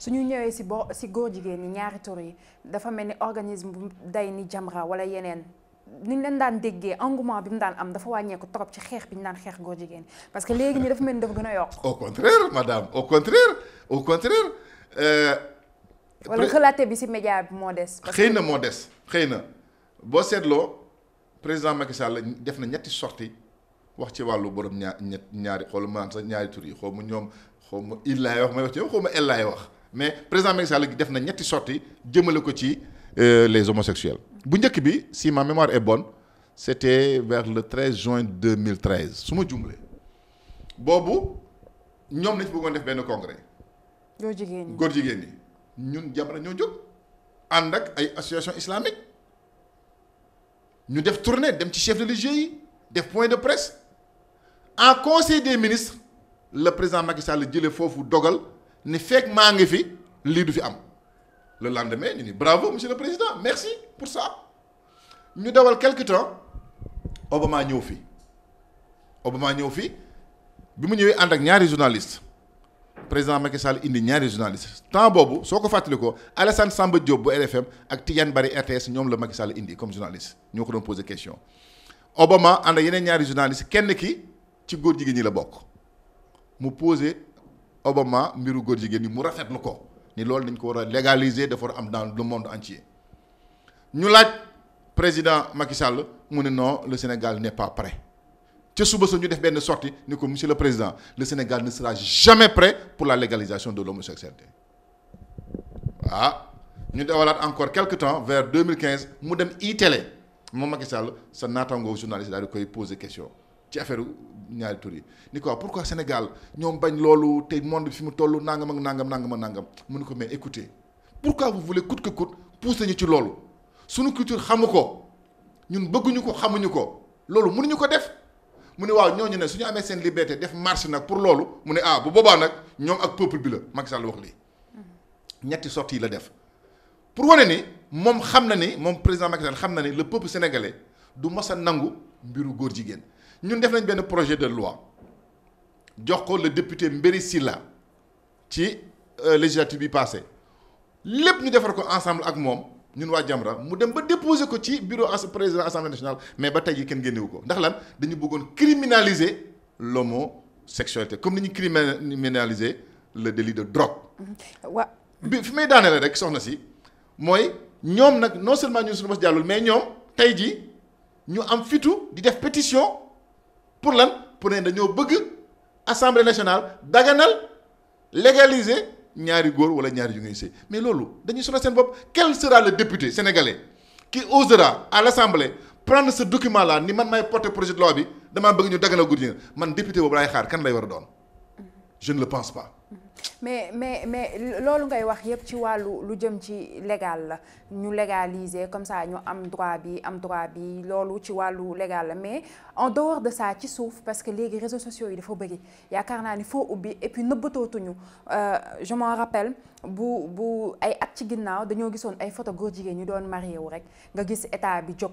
su suñu ñëwee si boo si góor jigéen ñi ñaari tur yi dafa mel ni organisme bu day ni Jamra wala yeneen ni ñu leen daan déggee engouement bi mu daan am dafa wàññeeku trop ci xeex bi ñu daan xeex góor jigéen parce que léegi ñu dafa mel ni dafa gën a yokk. au contraire madame au contraire au contraire. Euh, wala xalaate bi si média bi moo des. xëy na moo des xëy na boo seetloo président Macky la def na ñetti sorti wax ci wàllu borom ñaar ñaari xool maanaam ñaari tur yi xaw ma xaw ma il laay wax may ma el laay wax. mais président Macky Sall def na ñetti sorti jëmale ko ci euh, les homosexuels bu njëkk bi si ma mémoire est bonne c'était vers le 13 juin 2013 suma jumlé bobu ñom ñoom lañ bëggoon def ben congrès. góor jigen ni góor jigéen ñi ñun jabra ñoo jóg ànd ak ay association islamique ñu def tournée dem ci chef religieux yi def point de presse en conseil des ministres le président Macky Sall jëlé fofu dogal ne fait que ngi fi du fi am le lendemain ñu ni bravo monsieur le président merci pour ça ñu dawal quelques temps Obama ñëw fi Obama ñëw fi bi mu ñëwee ak ñaari journaliste président Macky Sall indi ñaari journaliste tant bobu soko ko ko Alassane Samba Diop bu RFM ak Tidiane Bari RTS ñom le Macky Sall indi comme journaliste ñoko don poser question Obama and ak yeneen ñaari journaliste kenn ki ci góor jigéen ñi la bok. mu poser Obama mbiru goor jigéen mu ni légaliser dans le monde entier ñu président Macky Sall le Sénégal n'est pas prêt ca suba sa ñu sortie ni monsieur le président le Sénégal ne sera jamais prêt pour la légalisation de l'homosexualité Nous ah, ñu encore quelques temps vers 2015 mu dem iTélé moom Macky Sall sa journaliste daal di koy poser question ñaari tour yi pourquoi Sénégal ñoom bañ te monde bi fi mu toll nangam ak nangam nangam mais écoutez pourquoi vous voulez coûte que coûte pousser ñu ci loolu suñu culture xamu ko ñun bëgguñu ko xamuñu ko ko def mu ne waaw ñooñu ne suñu liberté def marche pour loolu mu ne ah bu boobaa nag ñoom ak peuple bi la Macky la def pour wane ni xam ni président Macky le peuple sénégalais du mos a nangu mbiru ñun def nañ benn projet de loi jox ko le député Mbéri Silla ci euh, législative bi passé lépp ñu defar ko ensemble ak moom ñun waa Jamra mu dem ba déposer ko ci bureau as président assemblée nationale mais ba tey yi kenn génnewu ko ndax lan dañu bëggoon criminaliser sexualité comme ni ñu criminaliser le délit de drogue. Mm-hmm. wa bi fi may daaneele rek soxna si mooy ñoom nag non seulement ñun suñu bos jàllul mais ñoom tey ji ñu am fitu di def pétition. pour lan pour ne dañoo bëgg assemblée nationale daganal légaliser ñaari góor wala ñaari yu ngay mais loolu dañuy sonal seen bopp quel sera le député sénégalais qui osera à l'assemblée prendre ce document là ni man may porter projet de bi dama bëgg ñu daganal góor man député boobu laay xaar kan lay war a doon je le pense pas mais mais mais lolu ngay wax yépp ci walu lu jëm ci légal la ñu légaliser comme ça ñu am droit bi am droit bi lolu ci walu légal la mais en dehors de ça ci suuf parce que les réseaux sociaux il faut bëri yaakaar naa ni faut ubbi et puis euh je m'en rappelle bu bu ay at ci ginnaw dañu gisoon ay photo góor jigéen ñu doon marié wu rek nga gis état bi jóg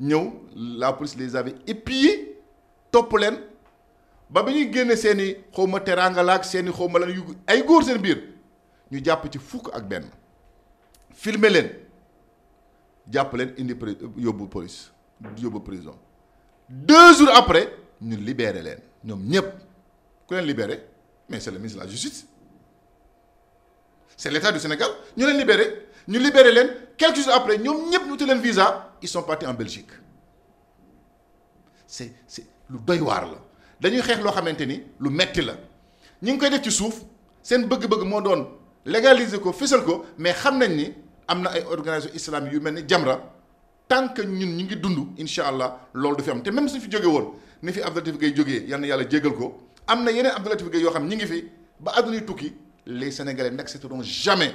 nous la police les avait épiés topp leen ba biñu ñuy génne seen i xawma teraanga laak seen xawma lan yu ay góor seen biir ñu japp ci fuk ak ben filmer len japp len indi yobbu police yobbu prison deux jours après ñu libéré len ñom ñëpp ku len libéré mais c'est le ministre de la justice c'est l'État du Sénégal ñu len libéré ñu libéré len quelques jours après ñom ñëpp ñu uti visa ils sont partis en Belgique c'est c'est lu doy waar la dañuy xeex loo xamante ni lu metti la ñi ngi koy def ci suuf seen bëgg-bëgg moo doon légaliser ko fësal ko mais xamnañ ni amna ay organisation islamique yu melni Jamra tant que ñun ñi ngi dund inshallah allah loolu du fi am te même suñ fi jóge won ni fi Abdou Latif Gueye jógee yalla na yàlla jégal ko amna na yeneen Abdou Latif Gueye yoo xam ñi ngi fi ba àdduna tukki les sénégalais n'accepteront jamais.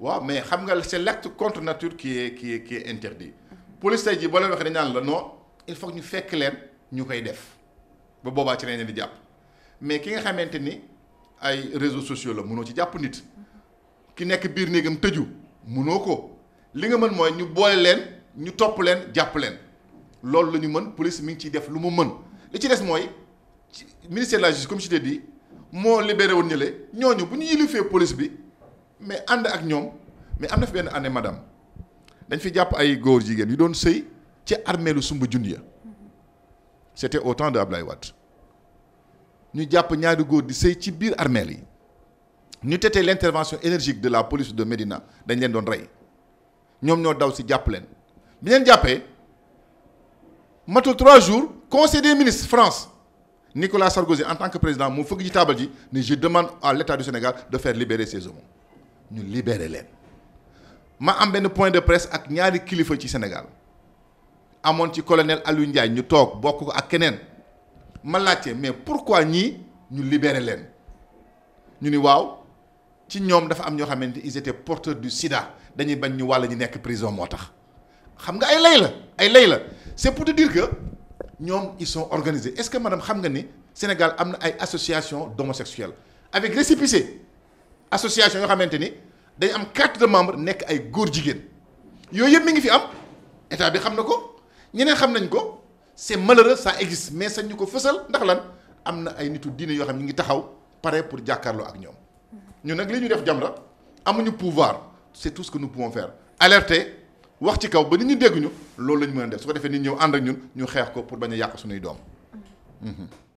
wa mais xam nga c'est est contre nature qui est qui est qui est interdit police a la non il faut ñu fekk leen ñu def ba boba ci di mais ki nga xamanteni ay réseaux sociaux la mëno ci japp nit ki nekk biir néegam teju mëno ko li nga mën moy ñu boole ñu la police mi ngi def lu ministère de la justice comme je l'ai dit mo libéré won ñoñu bu ñu police mais and ak ñom mais amna fi ben année madame dañ fi japp ay goor jigen yu doon sëy ci lu sumba jundiya c'était au temps de Abdoulaye Wade ñu japp ñaari goor di sëy ci biir armée yi ñu tété l'intervention énergique de la police de Médina dañ leen doon ray ñom ñoo daw ci japp leen bi leen jappé matul trois jours conseil des ministres France Nicolas Sarkozy en tant que président moo fëgg ji ni je demande à l'État du Sénégal de faire libérer ces hommes ñu ma am un point de presse ak ñaari kilifa ci Sénégal amoon ci colonel Aliou Ndiaye ñu toog bokk ma mais pourquoi nous ñu Nous leen ñu ni waaw ci ñoom dafa ils étaient porteurs du sida dañuy bañ ñu wàll prison xam nga c'est pour te dire que ñoom ils sont organisés est-ce que madame xam Sénégal a une association d'homosexuels avec récépissé association yoo xamante ni day am carte de membre nekk ay góor jigéen yooyu yëpp mi ngi fi am état bi xam na ko ñeneen xam nañ ko c'est malheureux sa existe mais sañ ñu ko fësal ndax lan am na ay nitu diine yoo xam ne ñu ngi taxaw pare pour jàkkaarloo ak ñoom ñu nag li ñu def Jamra amuñu pouvoir c'est tout ce que nous pouvons faire wax ci kaw ba nit ñi dégguñu loolu la ñu def su ko defee nit ñëw ànd ak ñun ñu xeex ko pour bañ a yàq suñuy doom. Mm-hmm. Mm-hmm.